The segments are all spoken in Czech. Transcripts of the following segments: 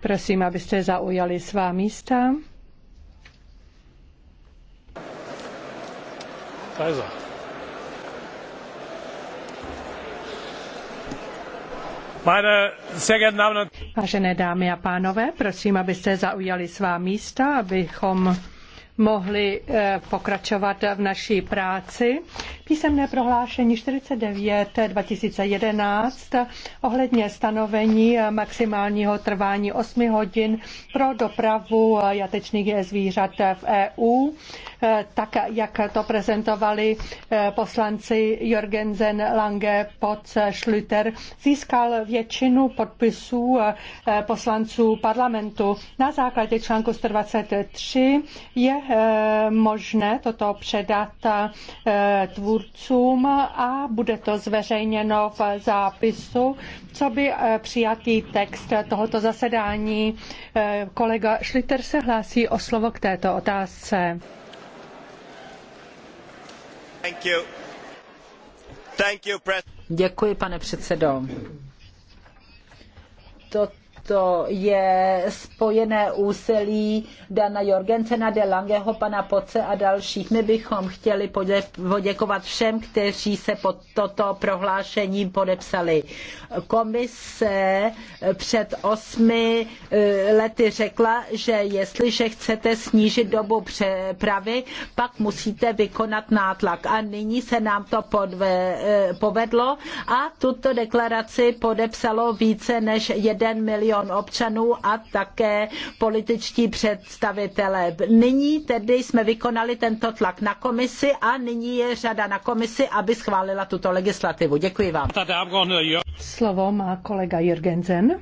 Prosím, abyste zaujali svá místa. Er. Vážené dámy a pánové, prosím, abyste zaujali svá místa, abychom mohli eh, pokračovat v naší práci. Písemné prohlášení 49 2011 ohledně stanovení maximálního trvání 8 hodin pro dopravu jatečných zvířat v EU, eh, tak jak to prezentovali eh, poslanci Jorgensen, Lange, Poc, Schlüter, získal většinu podpisů poslanců parlamentu. Na základě článku 123 je Eh, možné toto předat eh, tvůrcům a bude to zveřejněno v zápisu, co by eh, přijatý text tohoto zasedání. Kolega Schlitter se hlásí o slovo k této otázce. Thank you. Thank you, Děkuji, pane předsedo. Toto to je spojené úsilí Dana Jorgensena, De Langeho, pana Poce a dalších. My bychom chtěli poděkovat všem, kteří se pod toto prohlášení podepsali. Komise před osmi eh, lety řekla, že jestliže chcete snížit dobu přepravy, pak musíte vykonat nátlak. A nyní se nám to podve, eh, povedlo a tuto deklaraci podepsalo více než jeden milion milion občanů a také političtí představitelé. Nyní tedy jsme vykonali tento tlak na komisi a nyní je řada na komisi, aby schválila tuto legislativu. Děkuji vám. Slovo má kolega Jürgensen.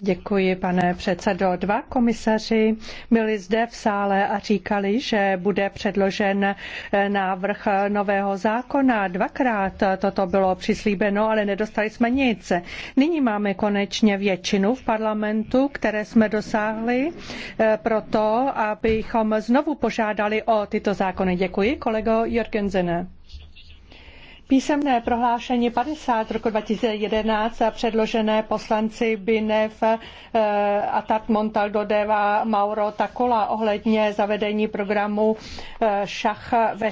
Děkuji, pane předsedo. Dva komisaři byli zde v sále a říkali, že bude předložen eh, návrh eh, nového zákona. Dvakrát eh, toto bylo přislíbeno, ale nedostali jsme nic. Nyní máme konečně většinu v parlamentu, které jsme dosáhli proto, abychom znovu požádali o tyto zákony. Děkuji, kolego Jorgensene. Písemné prohlášení 50 roku 2011 předložené poslanci Binev, eh, Atat Montaldo Deva, Mauro Takola ohledně zavedení programu eh, šach ve